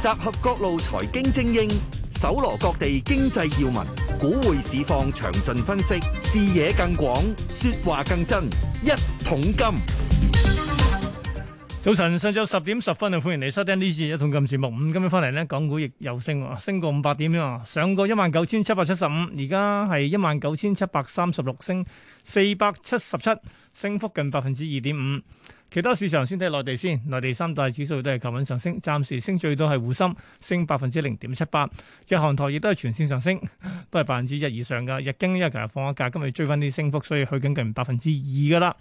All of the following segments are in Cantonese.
集合各路財經精英，搜羅各地經濟要聞，股匯市況詳盡分析，視野更廣，說話更真。一桶金，早晨，上晝十點十分啊！歡迎你收聽呢次一桶金節目。今日翻嚟呢，港股亦有升，升過五百點，上過一萬九千七百七十五，而家係一萬九千七百三十六，升四百七十七，升幅近百分之二點五。其他市場先睇內地先，內地三大指數都係求穩上升，暫時升最多係滬深，升百分之零點七八。日韓台亦都係全線上升，都係百分之一以上噶。日經琴日放咗假，今日追翻啲升幅，所以去緊近百分之二噶啦。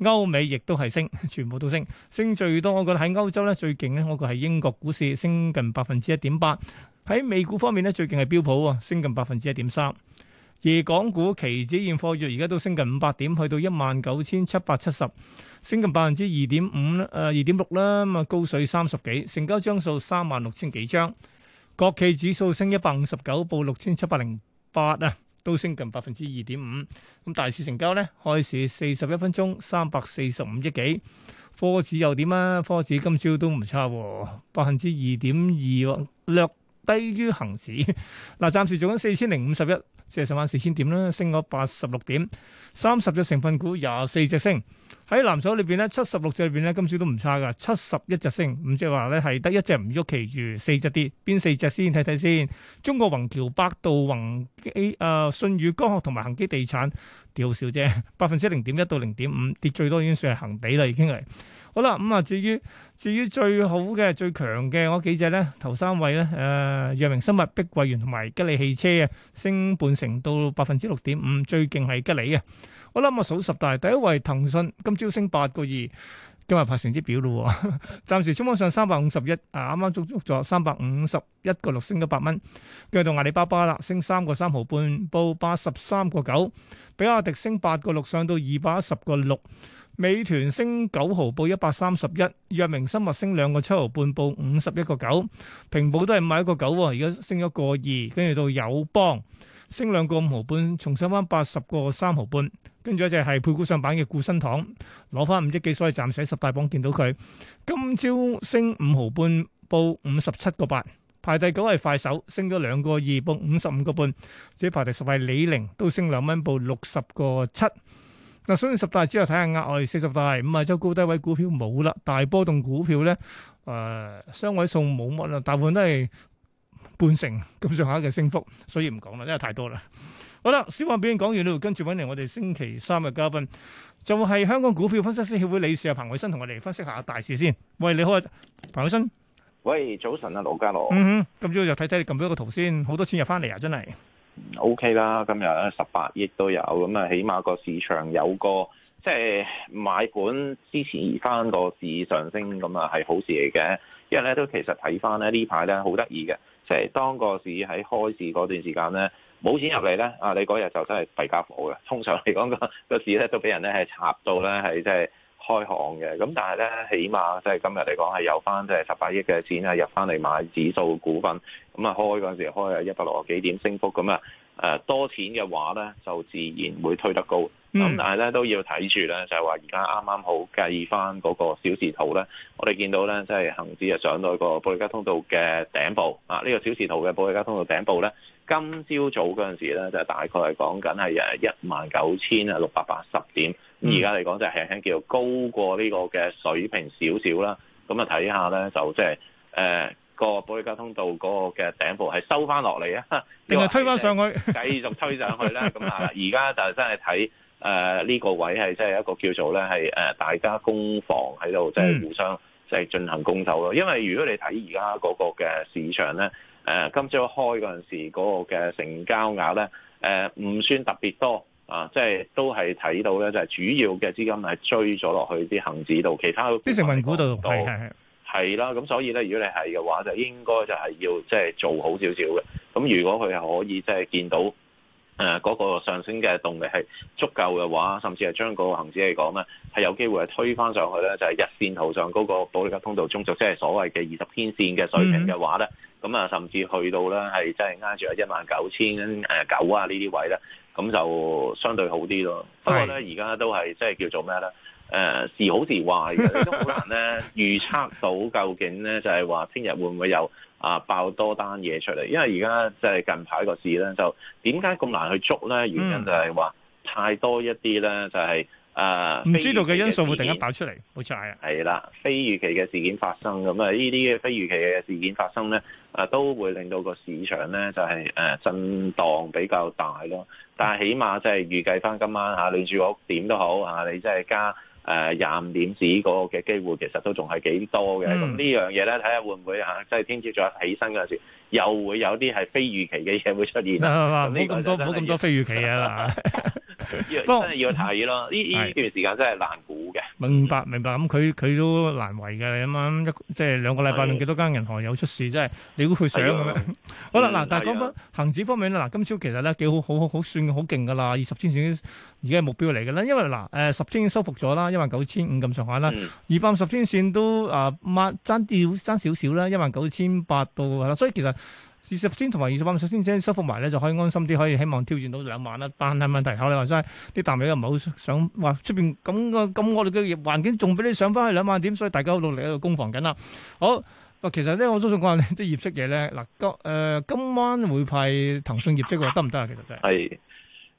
歐美亦都係升，全部都升，升最多我覺得喺歐洲咧最勁咧，嗰個係英國股市升近百分之一點八。喺美股方面咧最勁係標普啊，升近百分之一點三。夜港股期指現貨月而家都升近五百點，去到一萬九千七百七十，升近百分之二點五啦，誒二點六啦。咁啊，高水三十幾，成交張數三萬六千幾張。國企指數升一百五十九，報六千七百零八啊，都升近百分之二點五。咁大市成交咧，開市四十一分鐘三百四十五億幾。科指又點啊？科指今朝都唔差喎，百分之二點二，略低於恒指。嗱，暫時做緊四千零五十一。即係上翻四千點啦，升咗八十六點，三十隻成分股廿四隻升。喺藍籌裏邊咧，七十六隻裏邊咧，今次都唔差噶，七十一隻升，五即係話咧係得一隻唔喐，只其餘四隻跌，邊四隻先睇睇先？中國宏橋、百度、宏基、呃、舜宇光學同埋恒基地產掉少啫，百分之零點一到零點五跌，最多已經算係恆地啦，已經係。好啦，咁啊，至於至於最好嘅、最強嘅嗰幾隻咧，頭三位咧，誒、呃，藥明生物、碧桂園同埋吉利汽車啊，升半成到百分之六點五，最勁係吉利啊！我諗我數十大，第一位騰訊，今朝升八個二，今日拍成績表咯喎，暫時衝咗上三百五十一，啊，啱啱足足咗三百五十一個六，升咗八蚊，跟住到阿里巴巴啦，升三個三毫半，報八十三個九，比亞迪升八個六，上到二百一十個六。美團升九毫報一百三十一，藥明生物升兩個七毫半報五十一個九，平保都係買一個九，而家升一個二，跟住到友邦升兩個五毫半，重上翻八十個三毫半，跟住一隻係配股上版嘅固生堂，攞翻五億幾，所以暫時喺十大榜見到佢。今朝升五毫半報五十七個八，排第九係快手，升咗兩個二報五十五個半，隻排第十係李寧，都升兩蚊報六十個七。嗱，所以十大之後睇下額外四十大，五日周高低位股票冇啦，大波動股票咧，誒、呃、雙位數冇乜啦，大部分都係半成咁上下嘅升幅，所以唔講啦，真係太多啦。好啦，小表演講完啦，跟住揾嚟我哋星期三嘅嘉賓，就係、是、香港股票分析師協會理事啊，彭偉新同我哋分析下大市先。喂，你好啊，彭偉新。喂，早晨啊，家羅家樂。嗯哼，今朝又睇睇你撳咗個圖先，好多錢入翻嚟啊，真係。O K 啦，今日咧十八億都有，咁啊起碼個市場有個即係、就是、買盤支持翻個市上升，咁啊係好事嚟嘅。因為咧都其實睇翻咧呢排咧好得意嘅，即係當個市喺開市嗰段時間咧冇錢入嚟咧，啊你嗰日就真係弊傢伙嘅。通常嚟講個個市咧都俾人咧係插到咧係即係開行嘅，咁但係咧，起碼即係今日嚟講係有翻即係十八億嘅錢係入翻嚟買指數股份，咁啊開嗰陣時開一百六十幾點升幅咁啊，誒多錢嘅話咧就自然會推得高，咁、嗯、但係咧都要睇住咧，就係話而家啱啱好計翻嗰個小時圖咧，我哋見到咧即係恆指啊上到個保歷加通道嘅頂部啊，呢、這個小時圖嘅保歷加通道頂部咧，今朝早嗰陣時咧就大概係講緊係誒一萬九千啊六百八十點。而家嚟講就係輕輕叫高過呢個嘅水平少少啦，咁啊睇下咧就即係誒個保歷加通道嗰個嘅頂部係收翻落嚟啊，定係推翻上去繼 續推上去咧？咁啊，而家就真係睇誒呢個位係即係一個叫做咧係誒大家攻防喺度，即係互相即係進行攻守咯。嗯、因為如果你睇而家嗰個嘅市場咧，誒、呃、今朝開嗰陣時嗰個嘅成交額咧，誒、呃、唔算特別多。啊，即係都係睇到咧，就係、是、主要嘅資金係追咗落去啲恒指度，其他啲成分股度，到係係，啦。咁的所以咧，如果你係嘅話，就應該就係要即係、就是、做好少少嘅。咁如果佢係可以即係見到誒嗰、呃那個上升嘅動力係足夠嘅話，甚至係將個恒指嚟講咧，係有機會係推返上去咧，就係、是、日線圖上嗰個保利格通道中軸，就即、是、係所謂嘅二十天線嘅水平嘅話咧，咁啊、嗯，甚至去到咧係即係挨住一萬九千誒九啊呢啲位咧。咁就相對好啲咯。是不過咧，而家都係即係叫做咩咧？誒、呃，時好時壞都好 難咧預測到究竟咧就係話聽日會唔會有啊爆多單嘢出嚟？因為而家即係近排個市咧，就點解咁難去捉咧？原因就係、是、話、嗯、太多一啲咧，就係、是。啊，唔知道嘅因素會突然間爆出嚟，冇錯係啊，係啦，非預期嘅事件發生咁啊，呢啲非預期嘅事件發生咧，啊都會令到個市場咧就係誒震盪比較大咯。但係起碼即係預計翻今晚嚇，你住屋點都好嚇，你即係加誒廿五點子嗰個嘅機會，其實都仲係幾多嘅。咁呢樣嘢咧，睇下會唔會嚇，即係聽朝早起身嗰陣時。又會有啲係非預期嘅嘢會出現，唔好咁多，唔好咁多非預期嘅。不過真係要睇咯，呢呢段時間真係難估嘅。明白明白，咁佢佢都難為嘅咁樣，即係兩個禮拜幾多間銀行有出事，真係你要佢想咁樣。好啦，嗱，但係講返恆指方面咧，嗱，今朝其實咧幾好好好算好勁噶啦，二十天線已經而家係目標嚟嘅啦。因為嗱，誒十天線收復咗啦，一萬九千五咁上下啦，二百五十天線都啊掹爭啲爭少少啦，一萬九千八到，所以其實四十千同埋二十萬，十先先收復埋咧就可以安心啲，可以希望挑戰到兩萬啦。但係問題，我哋話齋啲淡友又唔好想話出邊咁個咁惡劣嘅環境，仲俾你上翻去兩萬點，所以大家好努力喺度攻防緊啦。好，其實咧我都想講下啲業績嘢咧。嗱、呃，今誒今晚會派騰訊業績喎，得唔得啊？其實就係、是。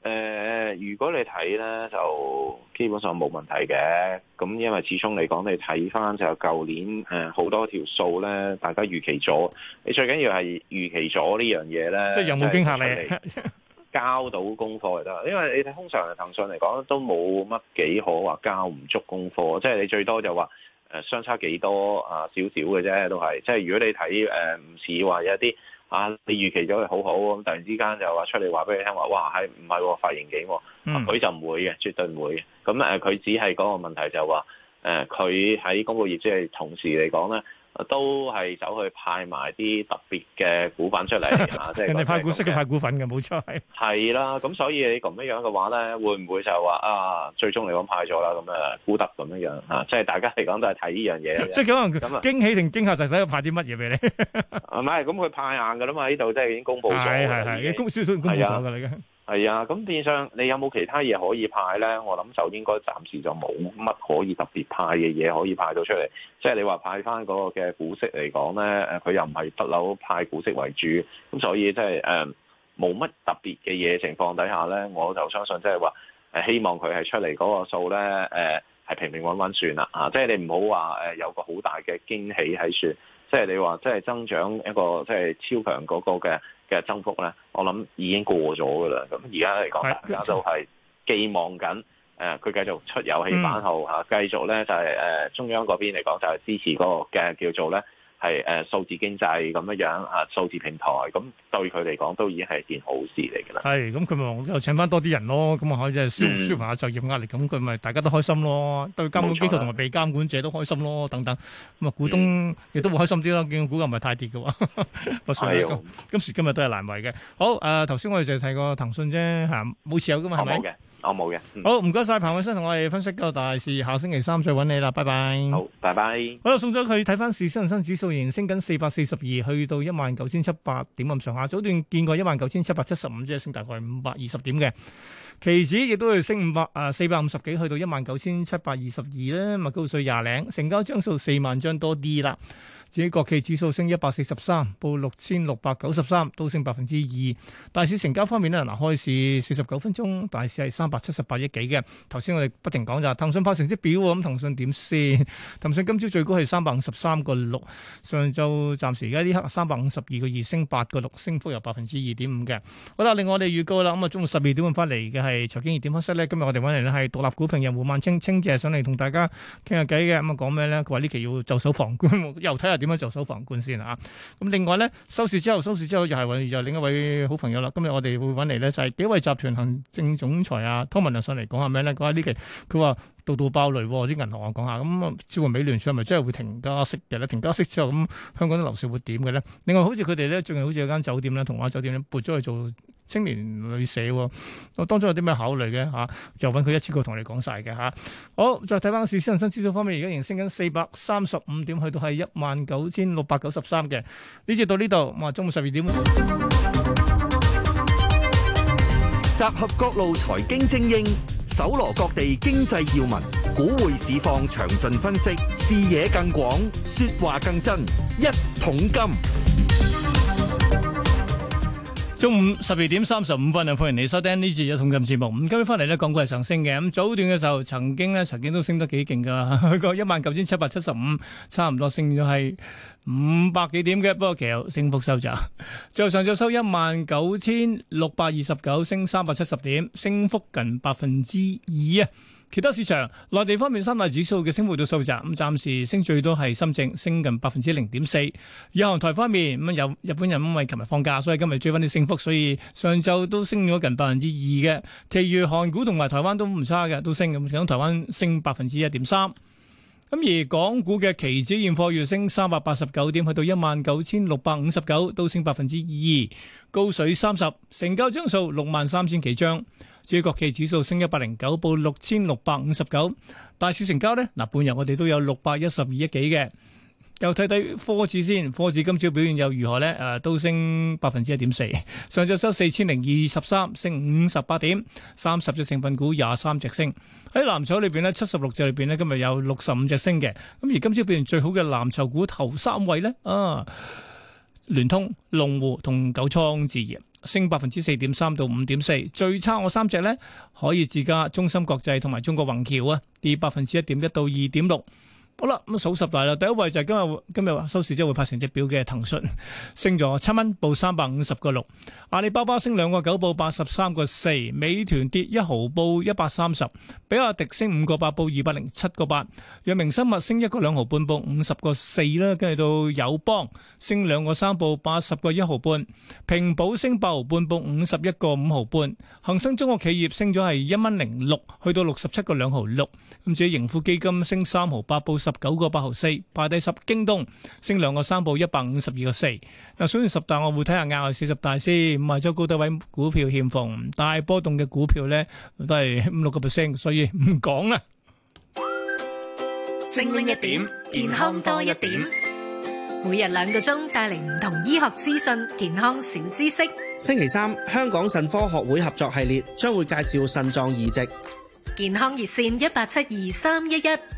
誒、呃，如果你睇呢，就基本上冇問題嘅。咁因為始終嚟講，你睇翻就舊年誒好、呃、多條數呢，大家預期咗。你最緊要係預期咗呢樣嘢呢，即係有冇驚嚇你？ 交到功課就得，因為你睇通常嚟騰訊嚟講都冇乜幾可話交唔足功課，即係你最多就話、呃、相差幾多少啊少少嘅啫，都係。即係如果你睇誒，唔似話有一啲。啊！你預期咗佢好好，咁突然之間就話出嚟話俾你聽話，哇！係唔係髮型幾？佢、嗯、就唔會嘅，絕對唔會嘅。咁佢只係講個問題就話誒，佢喺嗰個業績同時嚟講呢。都係走去派埋啲特別嘅股份出嚟嚇，即係你派股息嘅派股份嘅，冇錯。係啦，咁所以你咁樣嘅話咧，會唔會就話啊？最終嚟講派咗啦，咁啊，估得咁樣即係大家嚟講都係睇呢樣嘢。即係可能驚喜定驚嚇，就睇佢派啲乜嘢俾你。唔係，咁佢派硬㗎啦嘛，呢度即係已經公佈咗。公係啊，咁變相你有冇其他嘢可以派呢？我諗就應該暫時就冇乜可以特別派嘅嘢可以派到出嚟。即係你話派翻嗰個嘅股息嚟講呢，誒佢又唔係不嬲派股息為主，咁所以即係誒冇乜特別嘅嘢情況底下呢，我就相信即係話誒希望佢係出嚟嗰個數呢，誒係平平穩穩算啦嚇。即係你唔好話有個好大嘅驚喜喺算。即係你話，即係增長一個即係超強嗰個嘅嘅增幅咧，我諗已經過咗噶啦。咁而家嚟講，大家都係寄望緊，誒、呃，佢繼續出遊戲版號嚇，繼續咧就係、是呃、中央嗰邊嚟講就係支持嗰個嘅叫做咧。係誒，數、呃、字經濟咁樣樣啊，數字平台咁，對佢嚟講都已經係件好事嚟噶啦。係，咁佢咪又請翻多啲人咯。咁啊，可以即係舒舒緩下就業壓力。咁佢咪大家都開心咯，對監管機構同埋被監管者都開心咯，啊、等等。咁啊，股東亦都會開心啲啦，見股價唔係太跌嘅。我信你，今時今日都係難為嘅。好誒，頭、呃、先我哋就睇過騰訊啫，吓冇持有嘅嘛，係咪？是我冇嘅，嗯、好唔該晒彭偉生同我哋分析個大事，下星期三再揾你啦，拜拜。好，拜拜。好啦，送咗佢睇返市，恒生指數仍然升緊，四百四十二去到一萬九千七百點咁上下、啊，早段見過一萬九千七百七十五啫，升大概五百二十點嘅。期指亦都係升五百啊，四百五十幾去到一萬九千七百二十二咧，咪高水廿零。成交張數四萬張多啲啦。自己國企指數升一百四十三，報六千六百九十三，都升百分之二。大市成交方面咧，嗱開市四十九分鐘，大市係三百七十八億幾嘅。頭先我哋不停講，就係騰訊派成績表喎，咁騰訊點先？騰訊今朝最高係三百五十三個六，上晝暫時而家呢刻三百五十二個二，升八個六，升幅有百分之二點五嘅。好啦，另外我哋預告啦，咁啊中午十二點翻嚟嘅係財經熱點分析咧，今日我哋揾嚟咧係獨立股評人胡萬清，清姐上嚟同大家傾下偈嘅。咁啊講咩咧？佢話呢期要就手防官，又睇下。點樣做收房官先啊？咁另外咧，收市之後收市之後又係又係另一位好朋友啦。今日我哋會揾嚟咧，就係紀惠集團行政總裁啊，湯文亮上嚟講下咩咧？講下呢期佢話度度爆雷喎、啊，啲銀行啊，講下咁啊，似乎美聯儲係咪真係會停加息嘅咧？停加息之後咁，香港啲樓市會點嘅咧？另外好似佢哋咧，最近好似有間酒店咧，同華酒店咧，撥咗去做，青年旅社，我當中有啲咩考慮嘅嚇，就揾佢一次過同你講晒嘅嚇。好，再睇翻個市，恒生指數方面，而家連升緊四百三十五點，去到係一萬九千六百九十三嘅。呢次到呢度，哇，中午十二點。集合各路財經精英，搜羅各地經濟要聞，股匯市況詳盡分析，視野更廣，説話更真，一桶金。中午十二點三十五分啊，歡迎你收聽呢節嘅《一桶金節目》。咁今日翻嚟呢，港股係上升嘅。咁早段嘅時候，曾經呢，曾經都升得幾勁噶，去個一萬九千七百七十五，19, 75, 差唔多升咗係五百幾點嘅。不過其實升幅收窄，最後上咗收一萬九千六百二十九，升三百七十點，升幅近百分之二啊。其他市場，內地方面三大指數嘅升回到數十，咁暫時升最多係深圳，升近百分之零點四。以後台方面，咁有日本人因為琴日放假，所以今日追翻啲升幅，所以上晝都升咗近百分之二嘅。譬如韓股同埋台灣都唔差嘅，都升咁，成台灣升百分之一點三。咁而港股嘅期指現貨月升三百八十九點，去到一萬九千六百五十九，都升百分之二，高水三十，成交張數六萬三千幾張。至於國企指數升一百零九，報六千六百五十九。大市成交呢，嗱，半日我哋都有六百一十二億幾嘅。又睇睇科指先，科指今朝表現又如何呢？啊，都升百分之一點四，上晝收四千零二十三，升五十八點，三十隻成分股廿三隻升。喺藍籌裏面呢，七十六隻裏面呢，今日有六十五隻升嘅。咁而今朝表現最好嘅藍籌股頭三位呢，啊，聯通、龍湖同九倉置業。升百分之四點三到五點四，最差我三隻呢，可以自家中心國際同埋中國宏橋啊，跌百分之一點一到二點六。好啦，咁數十大啦，第一位就係今日今日收市之後會發成績表嘅騰訊，升咗七蚊，報三百五十個六。阿里巴巴升兩個九，報八十三個四。美團跌一毫，報一百三十。比亞迪升五個八，報二百零七個八。藥明生物升一個兩毫半，報五十個四啦。跟住到友邦升兩個三，報八十個一毫半。平保升八毫半，報五十一個五毫半。恆生中國企業升咗係一蚊零六，去到六十七個兩毫六。咁至於盈富基金升三毫八，報十九個八毫四排第十，京東升兩個三部一百五十二個四。嗱，所以十大我會睇下亞細小十大先，唔係將高低位股票欠奉，大波動嘅股票咧都係五六個 percent，所以唔講啦。精靈一點，健康多一點，每日兩個鐘帶嚟唔同醫學資訊、健康小知識。星期三，香港腎科學會合作系列將會介紹腎臟移植。健康熱線一八七二三一一。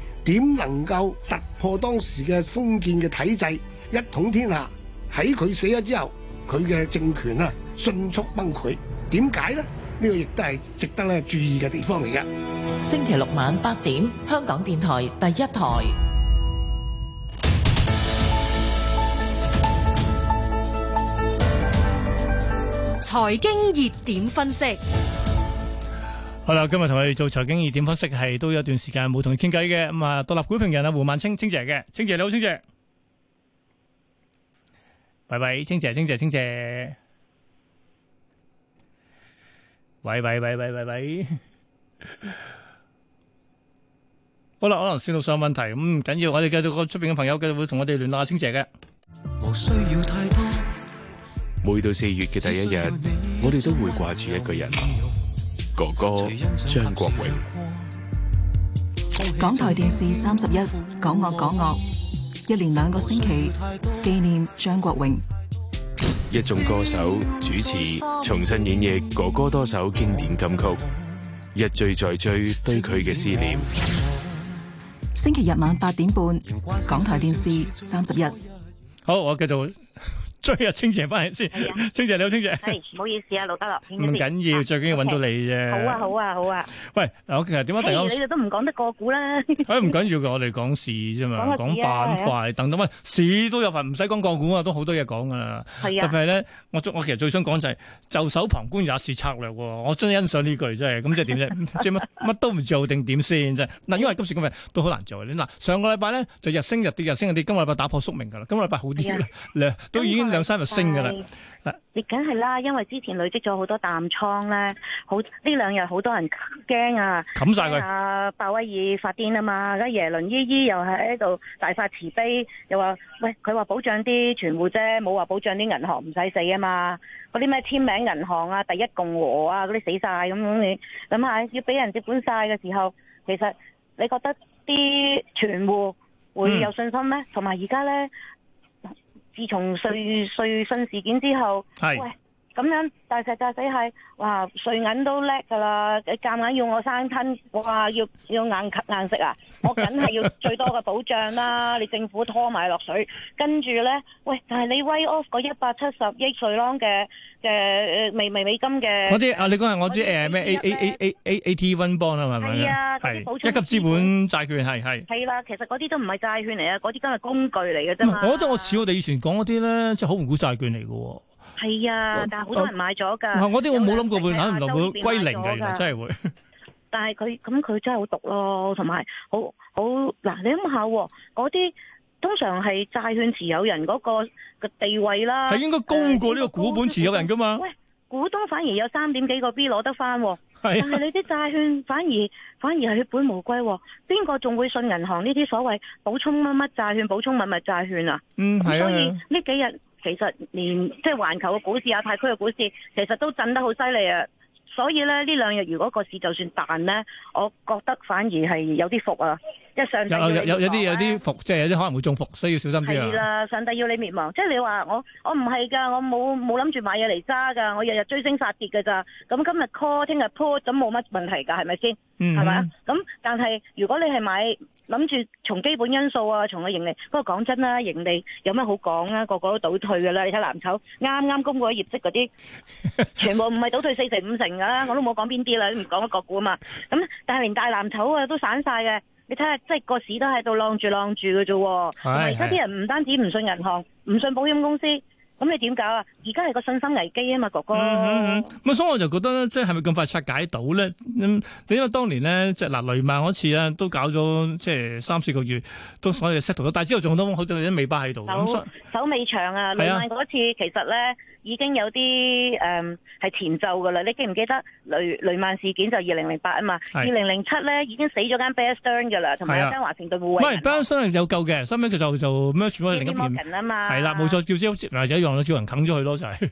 點能夠突破當時嘅封建嘅體制一統天下？喺佢死咗之後，佢嘅政權啊迅速崩潰，點解呢？呢個亦都係值得咧注意嘅地方嚟嘅。星期六晚八點，香港電台第一台財經熱點分析。好啦，今日同佢做財經熱點分析係，都有段時間冇同佢傾偈嘅。咁、嗯、啊，獨立股評人啊，胡萬清清姐嘅，清姐你好，清姐，喂喂，清姐，清姐，清姐，喂喂喂喂喂喂，拜拜呵呵 好啦，可能線路上有問題，咁唔緊要，我哋繼續個出邊嘅朋友繼續會同我哋聯絡啊，清姐嘅。冇需要太多。每到四月嘅第一日，我哋都會掛住一個人。哥哥張國榮，港台電視三十一，港樂港樂，一連兩個星期紀念張國榮。一眾歌手主持重新演繹哥哥多首經典金曲，一醉再醉對佢嘅思念。星期日晚八點半，港台電視三十一。好，我繼續。追啊！清姐翻嚟先。清姐你好，清姐。唔好意思啊，老德。唔緊要，最緊要揾到你啫。好啊，好啊，好啊。喂，我其實點解突然你哋都唔講得個股啦。誒，唔緊要嘅，我哋講市啫嘛。講下板塊，等等乜市都有份，唔使講個股啊，都好多嘢講噶啦。係啊。特別咧，我我其實最想講就係袖手旁觀也是策略。我真欣賞呢句真係。咁即係點啫？即乜乜都唔做定點先啫。嗱，因為今時今日都好難做。嗱，上個禮拜咧就日升日跌，日升日跌。今個禮拜打破宿命噶啦，今個禮拜好啲啦，都已經。兩三日升噶啦，你梗係啦，因為之前累積咗好多淡倉咧，好呢兩日好多人驚啊，冚晒佢啊！鮑威爾發癲啊嘛，而家耶倫依依又係喺度大發慈悲，又話喂，佢話保障啲存戶啫，冇話保障啲銀行唔使死啊嘛，嗰啲咩簽名銀行啊、第一共和啊嗰啲死晒咁樣，你諗下，要俾人接管晒嘅時候，其實你覺得啲存戶會有信心咩？同埋而家咧。自從瑞瑞信事件之後，係是。喂咁樣，但實實際係，哇！瑞銀都叻噶啦，你夾硬要我生吞，哇！要要硬硬食啊！我梗係要最多嘅保障啦。 你政府拖埋落水，跟住咧，喂！但、就、係、是、你 w、right 呃、a y off 嗰一百七十億瑞郎嘅嘅美美美金嘅嗰啲啊，你講係我知誒咩 A A A A A T one bond 啊，係咪啊？一級資本債券係係係啦，其實嗰啲都唔係債券嚟啊，嗰啲都係工具嚟嘅啫。我覺得我似我哋以前講嗰啲咧，即係好唔好債券嚟嘅。係啊，但係好多人買咗噶。嗰啲我冇諗過會，諗唔到會歸零嘅，真係會。但係佢咁佢真係好毒咯，同埋好好嗱，你諗下嗰啲通常係債券持有人嗰個個地位啦，係應該高過呢個股本持有人噶嘛、呃？喂，股東反而有三點幾個 B 攞得翻。是啊、但係你啲債券反而反而係血本無歸，邊個仲會信銀行呢啲所謂補充乜乜債券、補充乜乜債券啊？嗯，係啊。所以呢幾日。其實連即係環球嘅股市、亞太區嘅股市，其實都震得好犀利啊！所以咧呢兩日，如果個市就算彈呢，我覺得反而係有啲伏啊。上啊、有有有有啲有啲伏，即係有啲可能會中伏，需要小心啲啊！係啦，上帝要你滅亡，即係你話我我唔係㗎，我冇冇諗住買嘢嚟揸㗎，我日日追升殺跌㗎咋，咁今日 call，聽日 put，咁冇乜問題㗎，係咪先？係嘛、嗯哼？咁但係如果你係買，諗住從基本因素啊，從個盈利，不過講真啦，盈利有咩好講啊？個個都倒退㗎啦，你睇藍籌啱啱公布業績嗰啲，全部唔係倒退四成五成㗎啦，我都冇講邊啲啦，你唔講個股啊嘛。咁但係連大藍籌啊都散晒嘅。你睇下，即係個市都喺度浪住浪住嘅啫。係，哎、呀 而家啲人唔單止唔信銀行，唔信保險公司，咁你點搞啊？而家係個信心危機啊嘛，哥哥。嗯咁、嗯嗯嗯嗯、所以我就覺得即係係咪咁快拆解到咧？你因為當年咧，即係嗱雷曼嗰次啊，都搞咗即係三四個月，都所以 settle 咗，但係之後仲都好多啲尾巴喺度。手那手尾長啊！啊雷曼嗰次其實咧。已經有啲誒係前奏噶啦，你記唔記得雷雷曼事件就二零零八啊嘛？二零零七咧已經死咗間 Bear Stern 噶啦，同埋間華誠對換。係 b a s t e n 有救嘅，新屘，佢就就咩 e r 咗另一間。啊嘛，係啦，冇錯，叫招唔係就一樣啦，叫人啃咗佢咯就係。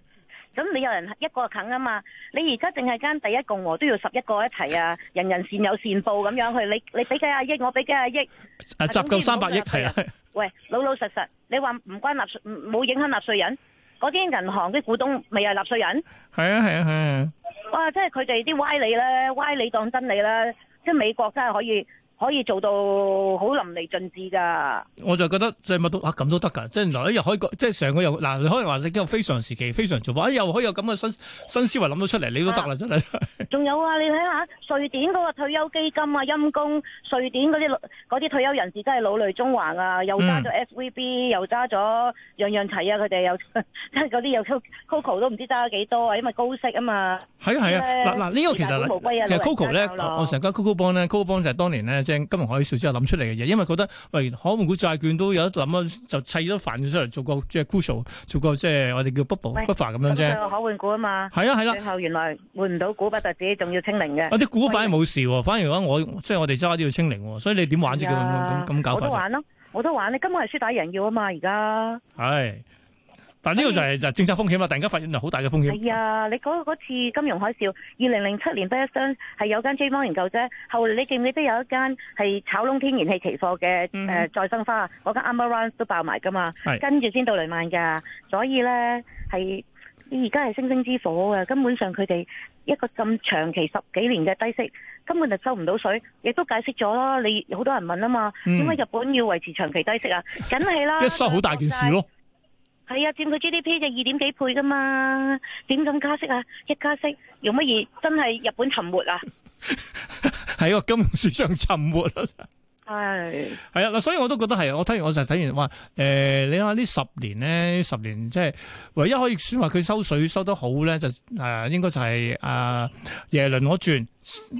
咁你有人一個啃啊嘛？你而家淨係間第一共和都要十一個一齊啊，人人善有善報咁樣去，你你俾幾啊億，我俾幾啊億，集夠三百億係啊。喂，老老實實，你話唔關納稅，冇影響納稅人。嗰啲銀行啲股東咪係納稅人？係啊係啊係啊！啊啊啊哇！即係佢哋啲歪理咧，歪理當真理咧，即係美國真係可以。可以做到好淋漓盡致㗎！我就覺得即係乜都啊咁都得㗎，即係嗱一日可以即係上個日嗱，你可以話你經過非常時期，非常做，或者又可以有咁嘅新新思維諗到出嚟，你都得啦，真係。仲有啊，你睇下瑞典嗰個退休基金啊，陰公瑞典嗰啲嗰啲退休人士真係老淚縱橫啊，又揸咗 S V B，又揸咗樣樣齊啊，佢哋又即係嗰啲又 Coco 都唔知揸咗幾多啊，因為高息啊嘛。係啊係啊，嗱嗱呢個其實其實 Coco 咧，我成日 Coco Bond 咧，Coco Bond 就係當年咧。金融海嘯之後諗出嚟嘅嘢，因為覺得喂，可換股債券都有得諗啊，就砌咗繁出嚟做個即係 cushion 做個即係我哋叫 bubble 喂、bubble 咁樣啫。可換股啊嘛，係啊係啦。啊、最後原來換唔到股不止，不就自己仲要清零嘅。啊啲股板係冇事喎，啊、反而我即係我哋揸啲要清零，所以你點玩啫，叫咁咁搞法我都玩咯，我都玩。你根本係輸打贏要啊嘛，而家但呢個就係就政策風險嘛，突然間發現就好大嘅風險。係啊、哎，你嗰次金融海嘯，二零零七年不一箱係有間 J. m 研究啫。後嚟你記唔記得有一間係炒窿天然氣期貨嘅誒再生花啊？嗰間 Amaranth 都爆埋噶嘛？是跟住先到雷曼噶。所以呢係，而家係星星之火嘅，根本上佢哋一個咁長期十幾年嘅低息，根本就收唔到水，亦都解釋咗啦。你好多人問啊嘛，點解、嗯、日本要維持長期低息啊？梗係啦， 一收好大件事咯。係啊，佔佢 GDP 就二點幾倍㗎嘛，點咁加息啊？一加息，用乜嘢？真係日本沉沒啊！喺 個金融市場沉沒、哎、是啊！係啊，嗱，所以我都覺得係。我睇完我就睇完，話、呃、你話呢十年咧，十年即、就、係、是、唯一可以算話佢收水收得好咧，就誒、呃、應該就係、是、啊、呃、耶倫我轉，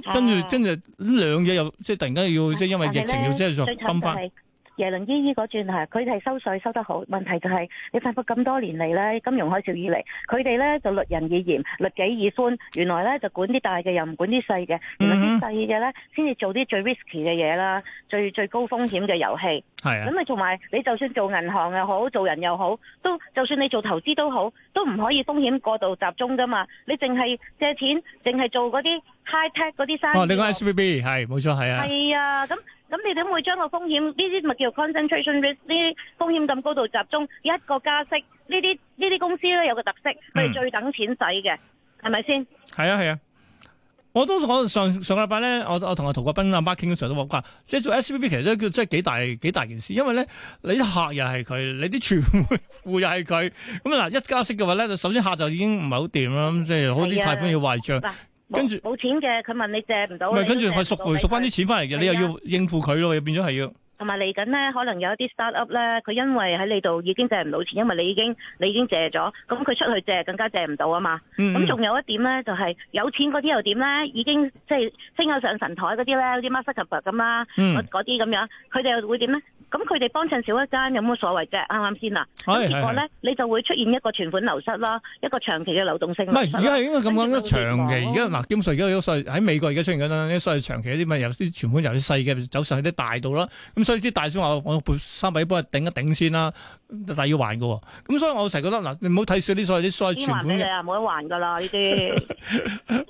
哎、跟住跟住兩嘢又即係突然間要即係、哎、因為疫情要即係作崩翻。哎耶倫依依嗰轉吓，佢哋係收稅收得好，問題就係、是、你發覺咁多年嚟咧，金融海嘯以嚟，佢哋咧就律人以嚴，律己以寬，原來咧就管啲大嘅，又唔管啲細嘅，原來啲細嘅咧先至做啲最 risky 嘅嘢啦，最最高風險嘅遊戲。係啊的，咁咪同埋你就算做銀行又好，做人又好，都就算你做投資都好，都唔可以風險過度集中噶嘛，你淨係借錢，淨係做嗰啲。high tech 嗰啲生意哦，你講 SBB 係冇錯係啊，係啊，咁咁你點會將個風險呢啲咪叫 concentration risk 呢？啲風險咁高度集中，一個加息呢啲呢啲公司咧有個特色，佢係最等錢使嘅，係咪先？係啊係啊，我都我上上個禮拜咧，我我同阿陶國斌阿 Mark 傾嘅時候都講過，即係做 SBB 其實都叫即係幾大幾大件事，因為咧你啲客又係佢，你啲存款戶又係佢，咁嗱，一加息嘅話咧，就首先客就已經唔係好掂啦，咁即係好啲貸款要壞賬。冇錢嘅，佢問你借唔到。唔係，跟住佢贖回贖返啲錢返嚟嘅，的你又要應付佢咯，又變咗係要。同埋嚟緊咧，可能有一啲 start up 咧，佢因為喺你度已經借唔到錢，因為你已經你已經借咗，咁佢出去借更加借唔到啊嘛。咁仲有一點咧，就係有錢嗰啲又點咧？已經即係升到上神台嗰啲咧，啲 maskable 咁啦，嗰啲咁樣，佢哋又會點咧？咁佢哋幫襯少一間有冇所謂啫？啱啱先嗱，結果咧，你就會出現一個存款流失咯，一個長期嘅流動性流失。唔係而家係應該咁講，都長期。而家嗱，點算？而家都算喺美國而家出現緊啦，所以長期啲咪有啲存款由啲細嘅走上去啲大度咯。所以啲大少話我撥三百億幫佢頂一頂先啦，但係要還嘅，咁所以我成日覺得嗱，你唔好睇少啲所謂啲所謂存款嘅。已經還俾你啊，冇得還噶啦呢啲。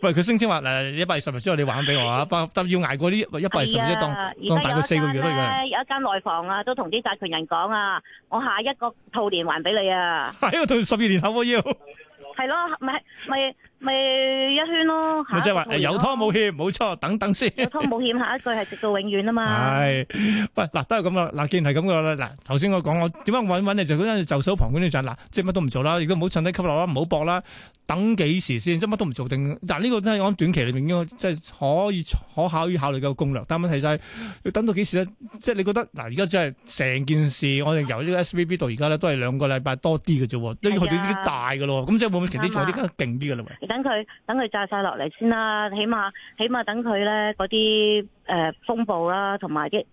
喂，佢聲稱話嗱一百二十日之後你還俾我啊，不的但要捱過呢一百二十日之當，的當大概四個月咯。而家咧有一間內房啊，都同啲債權人講啊，我下一個兔年還俾你啊。下一係啊，十二年後我要。係咯，咪咪。不 咪一圈咯，即係話有拖冇欠，冇錯，等等先。有拖冇欠，下一句係直到永遠啊嘛。係， 喂，嗱都係咁啦，嗱既然係咁噶啦，嗱頭先我講我點樣搵搵就嗰、是、陣就手旁觀呢就是，嗱即係乜都唔做啦，如果唔好趁低吸納啦，唔好搏啦，等幾時先，即係乜都唔做定。嗱呢個都係講短期裡邊嘅，即係可以可以可以考慮考慮嘅一個攻略。但係問題就係要等到幾時咧？即係你覺得嗱，而家真係成件事，我哋由呢個 S V B 到而家咧，都係兩個禮拜多啲嘅啫，都要去到呢啲大嘅咯。咁、啊、即係會唔會前啲仲有啲更勁啲嘅咧？等佢等佢炸晒落嚟先啦、啊，起碼起碼等佢咧嗰啲誒風暴啦、啊，同埋啲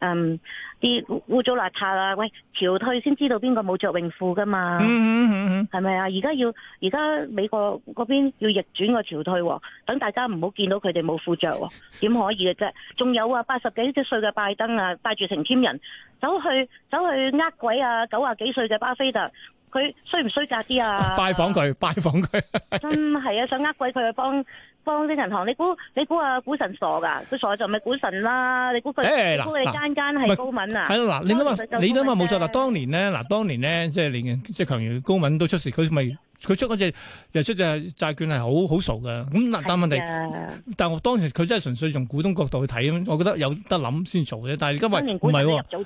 嗯啲污糟邋遢啦，喂，潮退先知道邊個冇着泳褲㗎嘛？嗯嗯嗯嗯，係咪啊？而家要而家美國嗰邊要逆轉個潮退、啊，等大家唔好見到佢哋冇褲着，點可以嘅啫？仲有啊，八十幾歲嘅拜登啊，帶住成千人走去走去呃鬼啊，九啊幾歲嘅巴菲特。佢衰唔衰格啲啊？拜訪佢，拜訪佢， 真係啊！想呃鬼佢去幫幫啲銀行。你估你估啊？股神傻噶，都傻咗就咪股神啦。你估佢？誒、欸欸欸、你間間係、啊、高敏啊？係咯，嗱，你諗下，你諗下冇錯。啦，當年咧，嗱，當年咧，即係連即係強如高敏都出事，佢咪？佢出嗰隻又出隻債券係好好傻嘅。咁但問題，但係的我當時佢真係純粹從股東角度去睇啊，我覺得有得諗先做嘅。但係而家話唔係喎，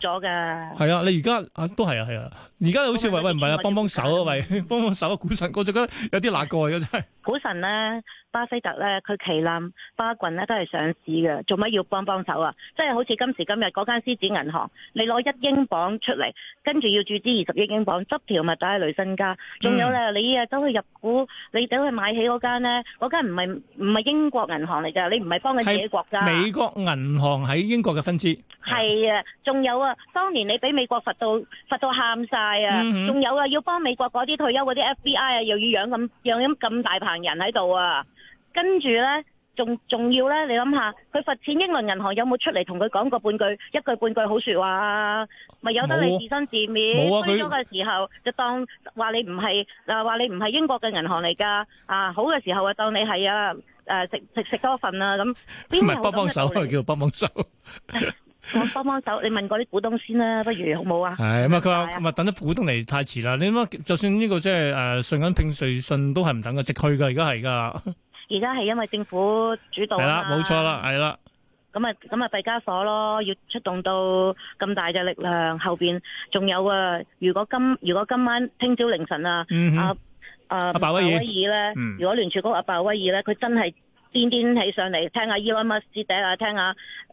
係啊，啊，你而家啊都係啊，係啊，而家好似喂喂唔係啊，啊幫幫手啊喂，幫幫手啊股神，我就覺得有啲辣過啊真係。股神咧，巴菲特咧，佢旗艦，巴郡咧都係上市嘅，做乜要幫幫手啊？即係好似今時今日嗰間獅子銀行，你攞一英鎊出嚟，跟住要注資二十億英鎊，執條物打去累身家。仲、嗯、有咧，你依、啊、走去入股，你走去買起嗰間咧，嗰間唔係唔係英國銀行嚟噶？你唔係幫佢自己國家？美國銀行喺英國嘅分支。係啊，仲有啊，當年你俾美國罰到罰到喊晒啊，仲、嗯嗯、有啊，要幫美國嗰啲退休嗰啲 FBI 啊，又要養咁樣咁咁大牌。人喺度啊，跟住呢，仲重要呢，你諗下，佢罰錢，英倫銀行有冇出嚟同佢講過半句一句半句好說話啊？咪有得你自生自滅。衰咗嘅時候就當話你唔係，話你唔係英國嘅銀行嚟噶。啊，好嘅時候就當你係啊，誒，食食食多份啦。咁邊唔係幫幫手啊？叫做幫幫手。 我幫幫手，你問嗰啲股東先啦，不如好唔好啊？係咁啊，佢話咁啊，等啲股東嚟，太遲啦。你諗，就算呢個即係誒，信緊聘瑞信都係唔等嘅，即去㗎。而家係噶。而家係因為政府主導，係啦，冇錯啦，係啦。咁啊，咁啊，弊家伙咯，要出動到咁大嘅力量，後邊仲有啊！如果今如果今晚聽朝凌晨啊，阿阿鮑威爾咧，嗯、如果聯儲局阿鮑威爾咧，佢真係。癲癲起上嚟，聽下 Elon Musk 支笛啊，聽下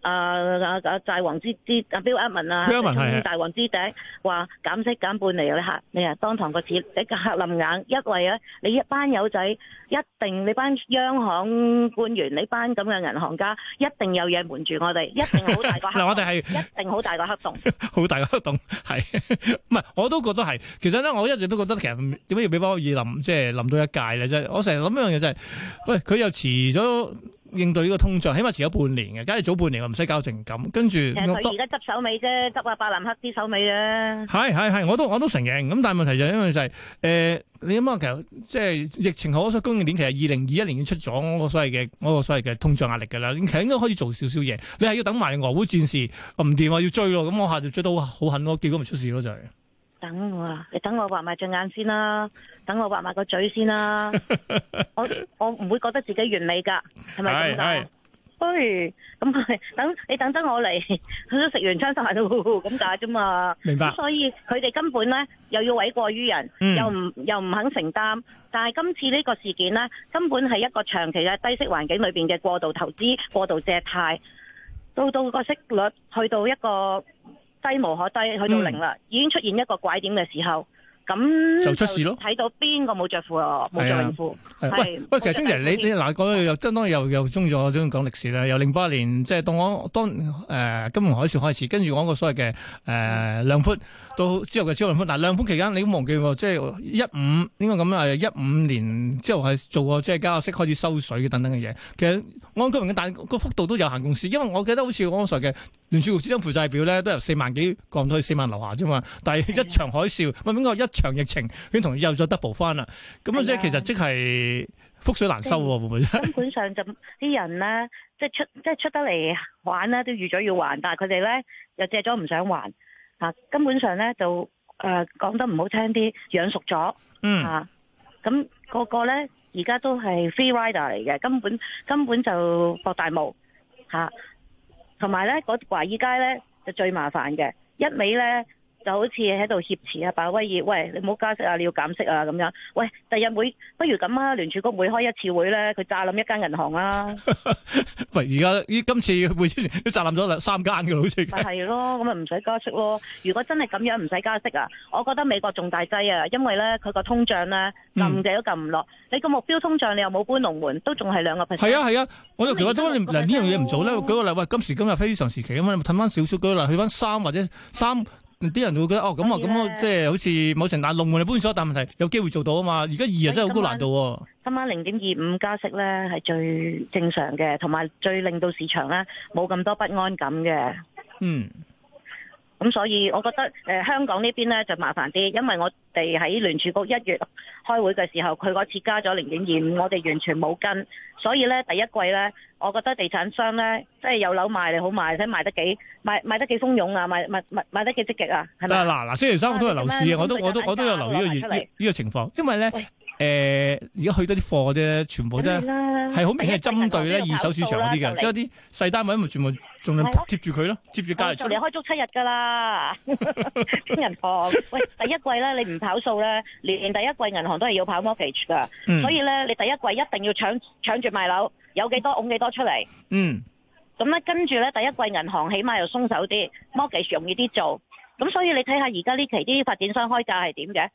啊啊啊債王支支啊 Bill e d a m 啊，王啊 mund, Ed mund, 大王之笛話的減息減半嚟嘅客，你啊當堂個錢嚇林硬。因為啊，你一班友仔一定你一班央行官員，你班咁嘅銀行家一定有嘢瞞住我哋，一定好大個。我哋係一定好大個黑洞，好 大個黑洞係唔係？我都覺得係。其實咧，我一直都覺得其實點解要俾波爾林即係臨到一屆咧？真、就、係、是、我成日諗一樣嘢就係、是，喂佢又遲咗。都應對呢個通脹，起碼遲咗半年嘅，梗係早半年我唔使搞成咁。跟住，其實佢而家執手尾啫，執下伯林黑茲手尾嘅。係係係，我都我都承認。咁但係問題就因為就係，誒、呃，你諗下其實即係疫情後，嗰出供應鏈，其實二零二一年已經出咗嗰個所謂嘅、嗰個所謂嘅通脹壓力噶啦，你係應該可以做少少嘢。你係要等埋俄烏戰事，唔、啊、掂啊，要追咯，咁我下就追到好狠咯，結果咪出事咯就係。等我啊！你等我畫埋隻眼先啦，等我畫埋個嘴先啦。 我我唔會覺得自己完美噶，係咪咁講？咁係、哎、等你等得我嚟，佢都食完餐晒咯，咁解啫嘛。明白。所以佢哋根本咧又要諉過於人，嗯、又唔又唔肯承擔。但係今次呢個事件咧，根本係一個長期嘅低息環境裏邊嘅過度投資、過度借貸，到到個息率去到一個。低無可低，去到零啦，已經出現一個拐點嘅時候。咁就出事咯，睇到邊個冇着褲啊？冇著褲。喂，其實星期你你嗱，嗰又真當又又鍾意咗，都要講歷史咧。由零八年即係當當誒金融海嘯開始，跟住講個所謂嘅誒量寬，到之後嘅超量寬。嗱，量寬期間你都忘記喎，即係一五應該咁啊，一五年之後係做過即係加息開始收水等等嘅嘢。其實安居民嘅但個幅度都有限公司，因為我記得好似我所嘅聯儲局嗰資產負債表咧，都由四萬幾降到去四萬樓下啫嘛。但係一場海嘯，問邊個一？長疫情，佢同又再 double 翻啦，咁啊即係其實即係覆水難收，的會唔會？根本上就啲人咧，即係出即係出得嚟玩咧，都預咗要還，但係佢哋咧又借咗唔想還啊！根本上咧就誒、呃、講得唔好聽啲，養熟咗，啊、嗯嚇、啊，咁、那個個咧而家都係 free rider 嚟嘅，根本根本就博大霧嚇，同埋咧嗰華爾街咧就最麻煩嘅，一味咧。就好似喺度挾持啊，鮑威爾，喂，你唔好加息啊，你要減息啊，咁樣，喂，第日會不如咁啊，聯儲局會開一次會咧，佢炸冧一間銀行啦。喂， 而家依今次會之前都炸冧咗三間嘅啦，好似。係咯，咁咪唔使加息咯。如果真係咁樣唔使加息啊，我覺得美國仲大劑啊，因為咧佢個通脹咧撳住都撳唔落，你個目標通脹你又冇搬龍門，都仲係兩個 percent 係呀，係呀。係啊係啊，我就覺得，你呢樣嘢唔做咧，舉個例，喂，今時今日非常時期咁嘛，你咪褪翻少少，舉個例，去翻三或者三。啲人會覺得哦，咁啊，咁啊，即係好似某程大弄喎，搬咗一啖問題，有機會做到啊嘛。而家二日真係好高難度喎、啊。今晚零點二五加息咧，係最正常嘅，同埋最令到市場咧冇咁多不安感嘅。嗯。咁、嗯、所以，我覺得誒、呃、香港邊呢邊咧就麻煩啲，因為我哋喺聯儲局一月開會嘅時候，佢嗰次加咗零點二五，我哋完全冇跟，所以咧第一季咧，我覺得地產商咧，即係有樓賣又好賣，睇賣得幾賣,賣得幾蜂擁啊，賣,賣得幾積極啊，係咪？嗱嗱嗱，星期三都係樓市我都我都我都有留意呢、這個呢、這個、情況，因為咧。哎誒，而家、呃、去多啲貨啫，全部都係好明顯係針對咧二手市場嗰啲嘅，即係啲細單位咪全部仲係貼住佢咯，接、嗯、住就嚟開足七日噶啦。金 人房，喂，第一季咧你唔跑數咧，連第一季銀行都係要跑 mortgage 噶，嗯、所以咧你第一季一定要搶搶住賣樓，有幾多拱幾多出嚟。嗯，咁咧跟住咧第一季銀行起碼又鬆手啲，mortgage 容易啲做，咁所以你睇下而家呢期啲發展商開價係點嘅。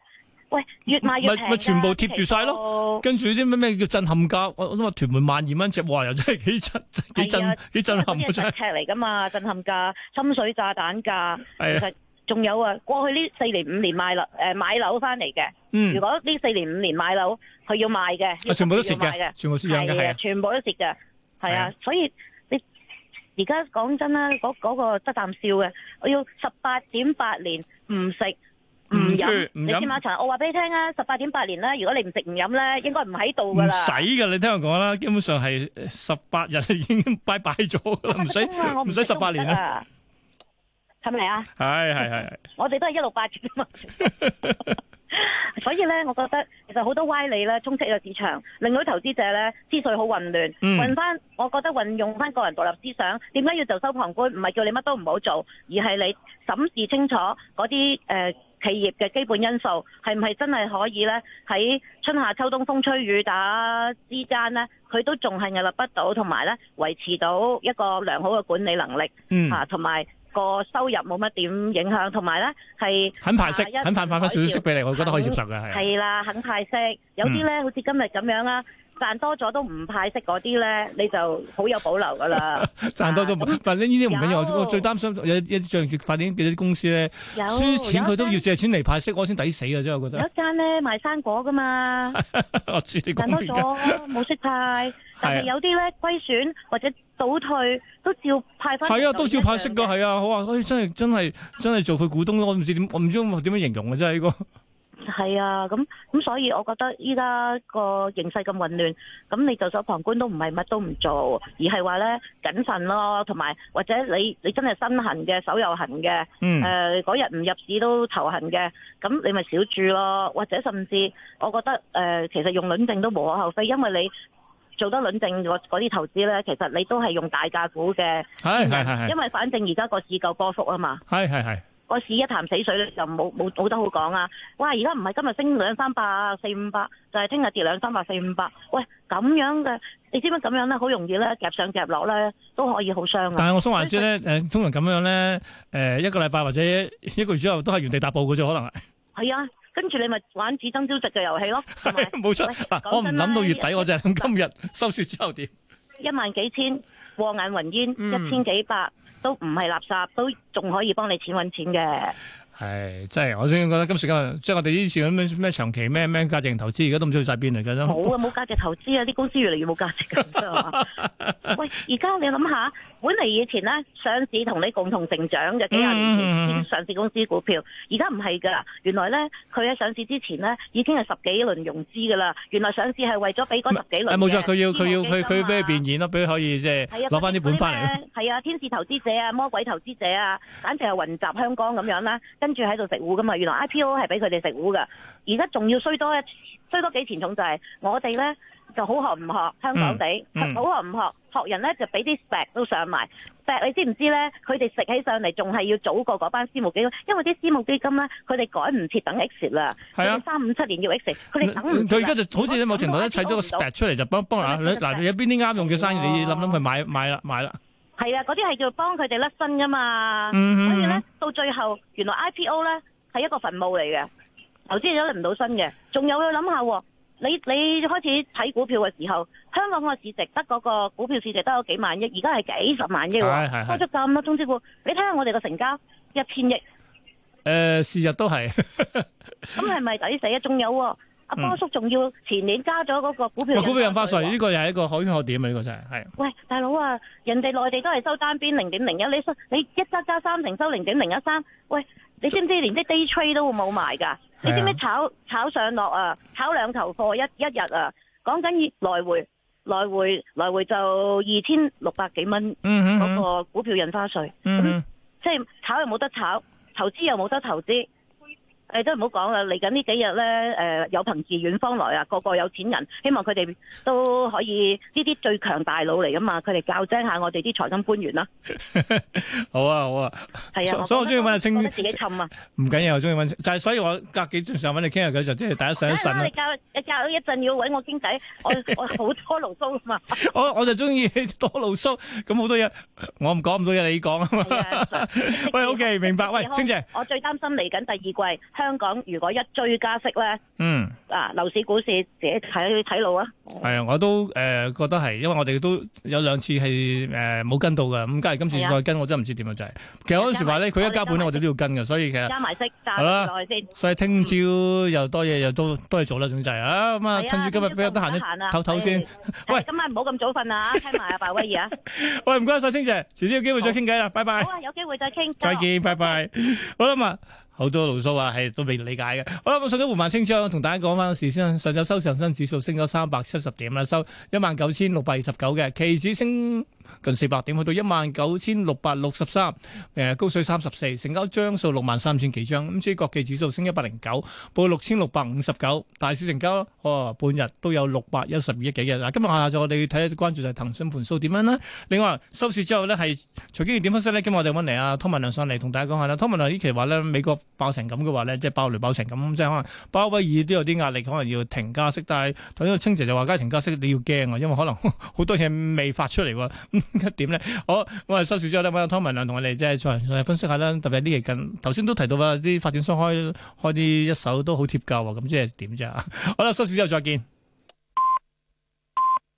喂，越賣越平啊！咪全部貼住晒咯，跟住啲咩咩叫震撼價？我我諗話屯門萬二蚊一尺，又真係幾震幾震幾震撼一尺嚟㗎嘛！震撼價、深水炸彈價，其實仲有啊！過去呢四年五年賣樓誒買樓翻嚟嘅，如果呢四年五年買樓，佢要賣嘅，全部都蝕嘅，全部蝕咗嘅，全部都蝕嘅，係啊！所以你而家講真啦，嗰嗰個得啖笑嘅，我要十八點八年唔食。唔飲，飲你先馬場，飲我話俾你聽啊，十八點八年啦。如果你唔食唔飲咧，應該唔喺度噶啦。唔使噶，你聽我講啦，基本上係十八日已經拜拜咗，唔使唔使十八年啦，係咪啊？係係係，我哋都係一六八折嘛。所以咧，我覺得其實好多歪理咧充斥咗市場，令到啲投資者咧思緒好混亂。運翻、嗯，我覺得運用翻個人獨立思想，點解要袖手旁觀？唔係叫你乜都唔好做，而係你審視清楚嗰啲誒。呃企業嘅基本因素係唔係真係可以呢？喺春夏秋冬風吹雨打之間呢，佢都仲係屹立不倒，同埋呢維持到一個良好嘅管理能力，嗯啊，同埋個收入冇乜點影響，同埋呢係肯派息，肯派派翻少少息俾你，我覺得可以接受嘅係啦，肯派息，有啲呢好似今日咁樣啦。賺多咗都唔派息嗰啲咧，你就好有保留噶啦。賺 多都唔，但呢啲唔緊要，有我最擔心有一一啲發啲幾啲公司咧，輸有錢佢都要借錢嚟派息，我先抵死啊！真我覺得。有一間咧賣生果噶嘛， 我賺多咗冇息派，但係、 啊、有啲咧虧損或者倒退都照派翻。係啊，都照派息噶，係啊，好啊，可、哎、以真係真係真係做佢股東咯。我唔知點，我唔知點樣形容啊！真係呢、這個。係啊，咁咁所以我覺得依家個形勢咁混亂，咁你袖手旁觀都唔係乜都唔做，而係話呢，謹慎咯，同埋或者你你真係身痕嘅手又痕嘅，嗯、呃，嗰日唔入市都頭痕嘅，咁你咪少注咯，或者甚至我覺得誒、呃、其實用輪證都無可厚非，因為你做得輪證嗰啲投資呢，其實你都係用大價股嘅，係係係，是是是是因為反正而家個市夠波幅啊嘛，係係係。我個市一潭死水咧，就冇冇冇得好講啊！哇，而家唔係今日升兩三百、四五百，就係聽日跌兩三百、四五百。喂，咁樣嘅，你知唔知咁樣咧，好容易咧，夾上夾落咧，都可以好傷啊！但係我想話先咧，誒以，通常咁樣咧，誒、呃，一個禮拜或者一個月之後，都係原地踏步嘅啫，可能係。係啊，跟住你咪玩只爭朝夕嘅遊戲咯。冇錯，我唔諗到月底， 我就諗今日收市之後點？一萬幾千，望眼雲煙，嗯、一千幾百。都唔係垃圾，都仲可以幫你錢揾錢嘅。係，真係我先覺得今時今日，即係我哋呢次咁樣咩長期咩咩價值投資，而家都唔知去晒邊嚟㗎啦。冇啊，冇都價值投資啊，啲 公司越嚟越冇價值嘅。 喂，而家你諗下。本嚟以前咧上市同你共同成長嘅幾廿年前上市公司股票，而家唔係噶。原來咧佢喺上市之前咧已經係十幾輪融資噶啦。原來上市係為咗俾嗰十幾輪冇錯，佢要佢要佢佢俾佢變現咯，俾佢、啊、可以即係攞翻啲本翻嚟。係啊，天使投資者啊，魔鬼投資者啊，簡直係雲集香港咁樣啦，跟住喺度食糊噶嘛。原來 IPO 係俾佢哋食糊噶，而家仲要衰多一衰多幾錢重就係、是、我哋咧。就好學唔學香港地，嗯嗯、好學唔學學人咧就俾啲 s e 石都上埋 s e 石，你知唔知咧？佢哋食起上嚟仲係要早過嗰班私募基金，因為啲私募基金咧，佢哋改唔切等 X 啦，三五七年要 X，佢哋等唔到。佢而家就好似咧某程度咧砌咗個石出嚟，就幫幫嗱有邊啲啱用嘅生意，哇你諗諗去買買啦買啦。係啊，嗰啲係叫幫佢哋甩身噶嘛，嗯、哼所以咧到最後原來 IPO 咧係一個墳墓嚟嘅，投都咗唔到身嘅，仲有去諗下。你你開始睇股票嘅時候，香港嘅市值得嗰個股票市值都有幾萬億，而家係幾十萬億、啊，開咗咁多中資股，你睇下我哋個成交，一千億。誒、呃，事實都係。咁係咪抵死啊？仲有阿、啊、波叔仲要前年加咗嗰個股票、嗯。股票印花稅呢個又係一個可圈可點啊！呢、這個真係係。喂，大佬啊，人哋內地都係收單邊零點零一，你收你一加加三成收零點零一三，喂。你知唔知連啲 day trade 都會冇埋㗎？你知唔知炒炒上落啊？炒兩頭貨一一日啊？講緊來回來回來回就二千六百幾蚊，嗰個股票印花稅，嗯，即係炒又冇得炒，投資又冇得投資。你都唔好講啦！嚟緊呢幾日咧，誒、呃、有朋自遠方來啊，個個有錢人，希望佢哋都可以呢啲最強大佬嚟噶嘛，佢哋教精下我哋啲財金官員啦。 好啊，好啊，係啊，所以我中意問阿清，自己冧啊，唔緊要，我中意問就係，所以我隔幾段時間揾你傾下偈，就即係大家上一陣啦、啊。教教一陣要揾我傾偈，我我好多牢騷噶嘛。我我就中意多牢騷，咁好多嘢，我唔講咁多嘢，你講啊嘛。 喂，OK，明白。喂，清姐， 我最擔心嚟緊第二季。香港如果一追加息咧，嗯啊，樓市股市自己睇睇路啊。係啊，我都誒覺得係，因為我哋都有兩次係誒冇跟到嘅，咁加埋今次再跟，我真係唔知點樣！就係其實有陣時話咧，佢一加半咧，我哋都要跟嘅，所以其實加埋息加耐啲。所以聽朝又多嘢，又多多嘢做啦，總之就係啊，咁啊，趁住今日比較得閒咧，唞唞先。喂，今晚唔好咁早瞓啊！聽埋阿白威爾啊！喂，唔該曬，清姐，遲啲有機會再傾偈啦，拜拜。好啊，有機會再傾。再見，拜拜。好啦，咁啊。.好多牢騷啊，係都未理解嘅。好啦，我上咗胡孟青商，同大家講翻個事先，上晝收恒生指數升咗三百七十點啦，收一萬九千六百二十九嘅，期指升。近四百點去到一萬九千六百六十三，誒，高水三十四，成交張數六萬三千幾張，咁所以國企指數升一百零九，報六千六百五十九，大市成交哦，半日都有六百一十二億幾嘅。嗱，今日下下晝我哋睇啲關注就係騰訊盤數點樣啦。另外收市之後呢，係徐經理點分析呢今日我哋揾嚟啊湯文亮上嚟同大家講下啦。湯文亮呢期話呢，美國爆成咁嘅話呢，即係爆雷爆成咁，即係可能鮑威爾都有啲壓力，可能要停加息。但係頭先清姐就話，梗係停加息你要驚啊，因為可能好多嘢未發出嚟喎。一點咧，好，我係收市之後咧，搵阿湯文亮同我哋即係再分析一下啦，特別呢期近頭先都提到啊，啲發展商開開啲一手都好貼舊啊。咁即係點啫？好啦，收市之後再見。